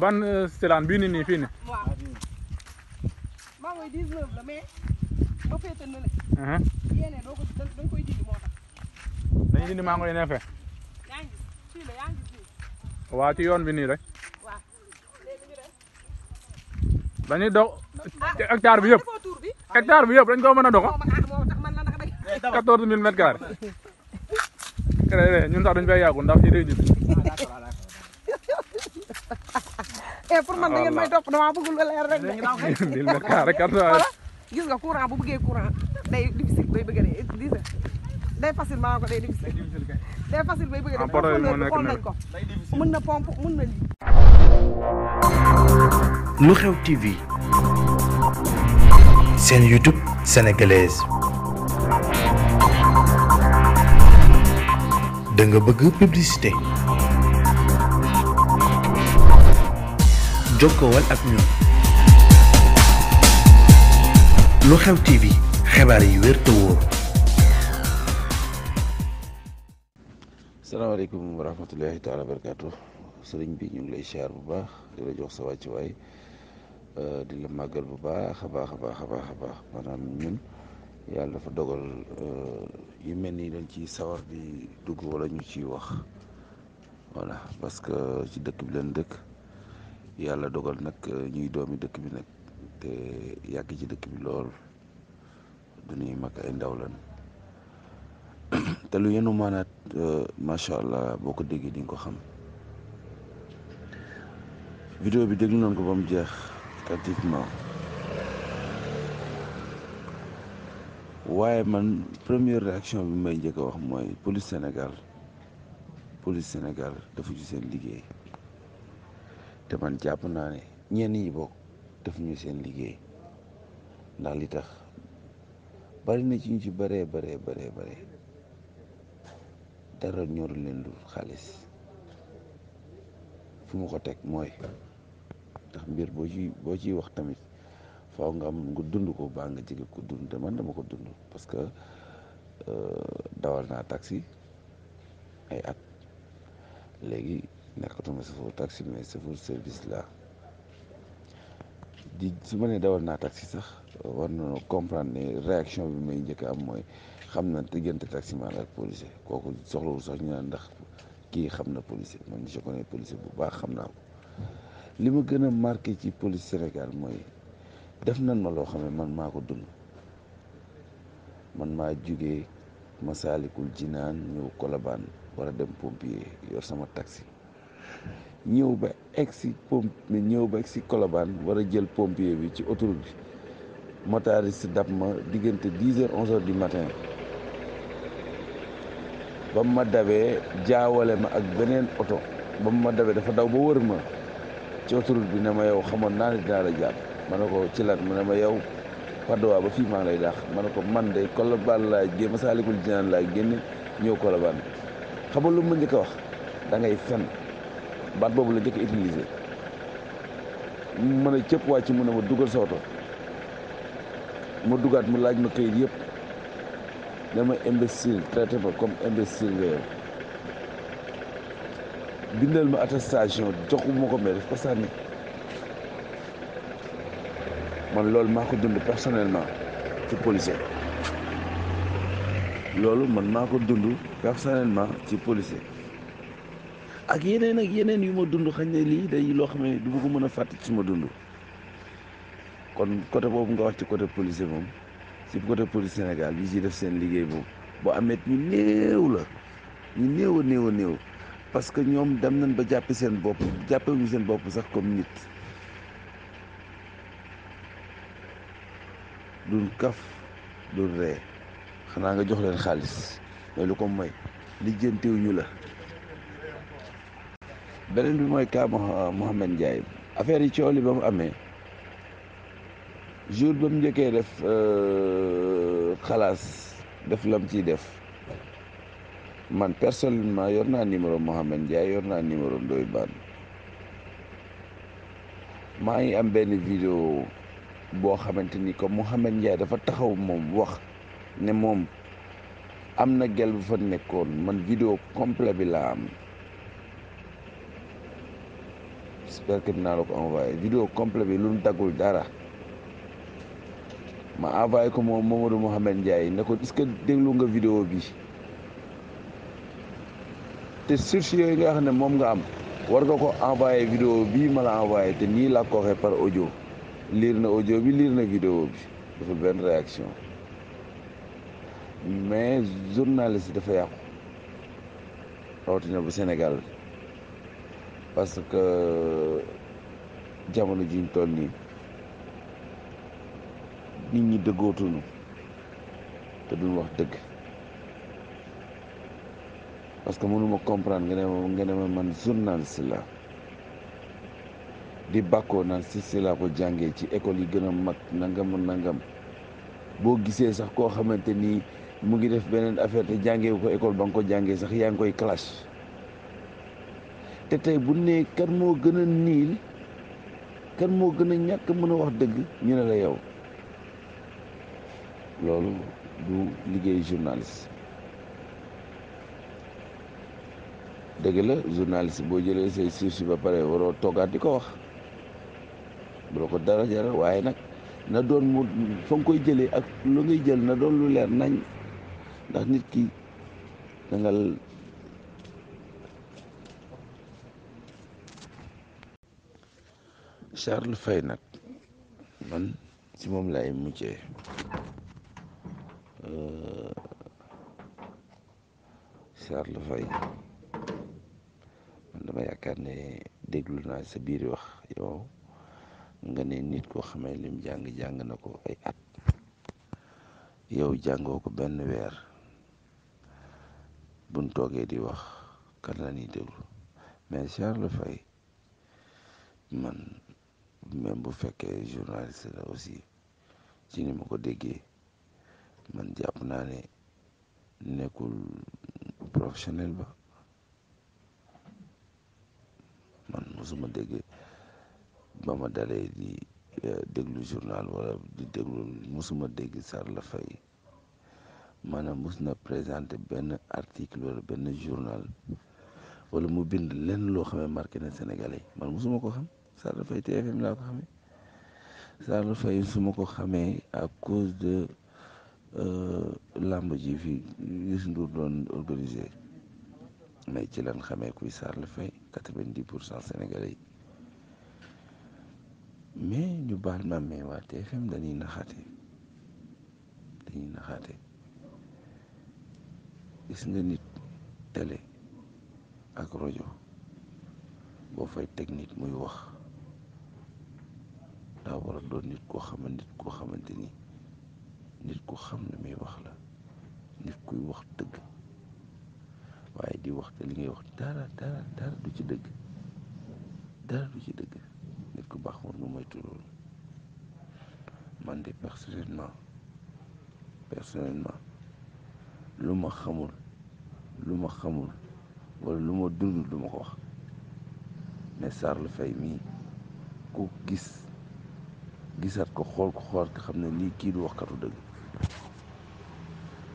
ban euh, Silane bii nii nii fii nii. waaw maa ngi uh-huh. maa ngi leen a fekk. yaa yoon bi nii rek. waaw léegi ah. hectare bi yëpp. hectare bi yëpp dañ ko mën a dox. 14000 ah, mètres carrés. ñun sax dañu fay yàggu ndax fii day jub. waaw pour man da ngeen may topp damaa bëggul leer rek de. gis nga courant bu bëggee courant day difficile bay bëgg a dee day facile maa ko day difficile. day facile bay bëgg a dee xool nañ ko mën na pompe mën na lii. lu xew TV. seen YouTube sénégalaise. da nga bëgg publicité jokkool ak ñun lu xew TV xibaar yi wér te wóor. salaamaaleykum wa rahmatullahi taala wa barakaatu sëriñ bi ñu ngi lay siyaar bu baax di jox sa wàccuwaay di la màggal bu baax a baax a baax a baax a baax maanaam ñun. yàlla dafa dogal euh, yu mel nii dañ ci sawar di dugg wala ñu ciy wax voilà parce que ci dëkk bi leen dëkk yàlla dogal nag euh, ñuy doomi dëkk bi nag te yàgg ci dëkk bi lool du ñuy mag ay ndaw lan te lu yenu maanaat euh, macha allah boo ko déggee di nga ko xam vidéo bi déglu nañ ko ba mu jeex pratiquement waaye man première réaction bi may njëkk a wax mooy police Sénégal police Sénégal defu ci seen liggéey te man jàpp naa ne ñenn yi bokk def ñu seen liggéey ndax li tax bari na ci ñu ci baree baree baree bare dara ñoru leen lu xaalis fu mu ko teg mooy ndax mbir boo ci boo ciy wax tamit faaw nga am nga dund ko baa nga jege ko dund te man dama ko dund parce que euh, dawal naa taxi ay at léegi nekkatuma chauffeur taxi bi mais chauffeur service la di su ma nee dawal naa taxi sax war nañoo comprendre ne réaction bi may njëkk am mooy xam na diggante taximan ak policier kooku soxlawul sax ñu naan ndax kii xam na policier man je connais policier bu baax xam naa ko li ma gën a marqué ci police Sénégal mooy def nan ma loo xam ne man maa ko dund man maa jugee Masaalikul Jinaan ñëw Kolobaan war a dem pompier yor sama taxi ñëw ba egg si pomp ñëw ba egg si Kolobaan war a jël pompier bi ci autoroute bi motariste dab ma diggante dix heures onze heures du matin ba mu ma dabee jaawale ma ak beneen oto ba mu ma dabee dafa daw ba wër ma ci autoroute bi ne ma yow xamoon naa ne dinaa la jàpp ma ne ko ci lan mu ne ma yow Padoa ba fii maa lay dàq ma ne ko man de Colobane laa génn Masaalikul Jinaan laa génn ñëw Colobane xam nga lu ma njëkk a wax da ngay fen baat boobu la njëkk a utilisé ma ne cëpp wàcc mu ne ma dugal sa oto ma dugaat mu laaj ma këyit yëpp dama imbécile traité ma comme imbécile nga yow bindal ma attestation joxu ma ko mais daf ko sànni man loolu maa ko dund personnellement ci policier loolu man maa ko dund personnellement ci policier ak yeneen ak yeneen yu ma dund xañ ne lii day loo xam ne du ma ko mën a fàtte suma dund kon côté boobu nga wax ci côté policier moom ci côté police Sénégal yi si def seen liggéey boobu boo amee ñu néew la ñu néew a néew a néew parce que ñoom dem nañ ba jàppee seen bopp jàppewuñu seen bopp sax comme nit duñ kaf duñ ree xanaa nga jox leen xaalis mooy lu ko may lijjantiwuñu la beneen bi mooy cas Mouhamed Ndiaye affaire yi coow li ba mu amee jour ba mu njëkkee def euh, xalaas def lam ciy def man personnellement yor naa numéro Mouhamed Ndiaye yor naa numéro Ndoye Bane maa ngi am benn vidéo boo xamante ni comme Mouhamed Ndiaye dafa taxaw moom wax ne moom am na gel bu fa nekkoon man vidéo complet bi laa am j'espère que la ko envoyé vidéo complet bi lu mu daggul dara ma envoyé ko moom moom Mamadou Mouhamed Ndiaye ne ko est-ce que déglu nga vidéo bi te source yooyu nga xam ne moom nga am war nga ko envoyé vidéo bii ma la envoyé te nii laa ko par audio liir na audio bi liir na vidéo bi dafa benn réaction mais journaliste dafa yàqu xawatina bu Sénégal parce que jamono jiñ toll nii nit ñi dëggootuñu te duñ wax dëgg parce que mënuma comprendre nga ne ma nga ne ma man journaliste la di bàkkoo naan Cissé laa ko jàngee ci école yi gën a mag nangam nangam boo gisee sax koo xamante nii mu ngi def beneen affaire te jàngee ko école ba nga ko jàngee sax yaa ngi koy clash te tey bu nee kan moo gën a niil kan moo gën a ñàkk mën a wax dëgg ñu ne la yow loolu du liggéey journaliste dëgg la journaliste boo jëlee say sources ba pare waroo toogaat di ko wax bu ko dara jaral waaye nag na doon mu fa nga koy jëlee ak lu jël na doon lu leer nañ ndax nit ki da nga Charles Faye nag man si moom laay muccee euh, Charles Faye man dama yaakaar ne déglu naa sa biir wax yow nga ne nit koo xamee lim jàng jàng na ko ay at yow jàngoo ko benn weer buñ toogee di wax kan la ñuy déglu mais Charles Faye man même bu fekkee journaliste la aussi ci ni ma ko déggee man jàpp naa ne nekkul professionnel ba man mosuma déggee ba ma dalee di euh, déglu journal walla di déglu musuma dégg Sarla Faye maanaam mus na présenter benn article wala benn journal wala mu bind lenn loo xamee marqué na Sénégalais man musuma ko xam Sarla Faye TFM laa ko xamee Sarla Faye su ma ko xamee à cause de euh, làmb ji fi Youssou Ndour mais ci lan xamee kuy Sarla Faye quatre vingt pour cent Sénégalais yi mais ñu baal ma mais waa TFM dañuy naxaate dañuy naxaate gis nga nit tele ak rajo boo fay teg nit muy wax daa war a doon nit koo xama nit koo xamante ni nit ku xam ne muy wax la nit kuy wax dëgg waaye di wax te li ngay wax dara dara dara du ci dëgg dara du ci dëgg baax war nga moytu loolu man de personnellement personnellement lu ma xamul lu ma xamul wala lu ma dund du ma ko wax mais Sarr fay mii ku gis gisaat ko xool ko xool ko xam ne lii kii du waxkatu dëgg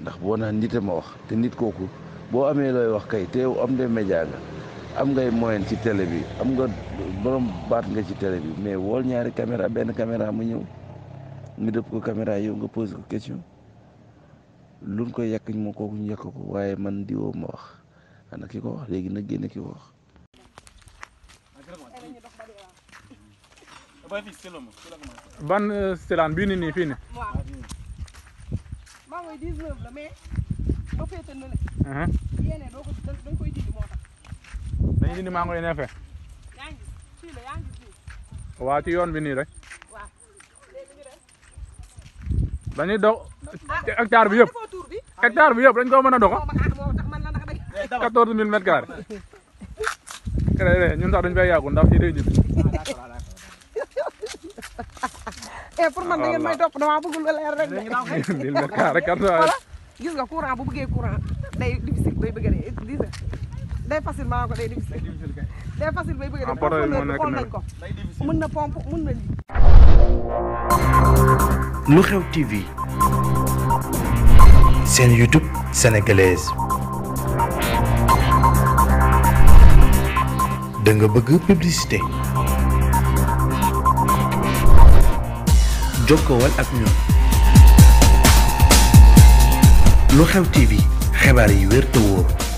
ndax boo naan nit ma wax te nit kooku boo amee looy wax kay te am de média nga am ngay moyen ci télé bi am nga borom baat nga ci télé bi mais wool ñaari caméra benn caméra mu ñëw ñu dëpp ko caméra yow nga pose ko question luñ koy yàq moo kooku ñu yàq ko waaye man di woo ma wax ana ki ko wax léegi nag génne ki ko wax euh, ñu indi mango yi ne fe waa ci yoon bi nii rek dañuy dox ah, hectare bi yëpp hectare bi yëpp dañ ko mën a dox ah, quatorze mille mètres carrés créé ñun sax dañ fay yàggu ndax fii day jib e eh, pour man da ngeen may topp dama bëggul leer rek de mille mètres carrés gis nga courant bu bëggee courant day difficile day bëgg a dee day facile maa ko day difficile. day facile lu xew TV seen YouTube sénégalaise da bëgg publicité jokkowal ak ñun lu xew TV xibaar yi wér te wóor.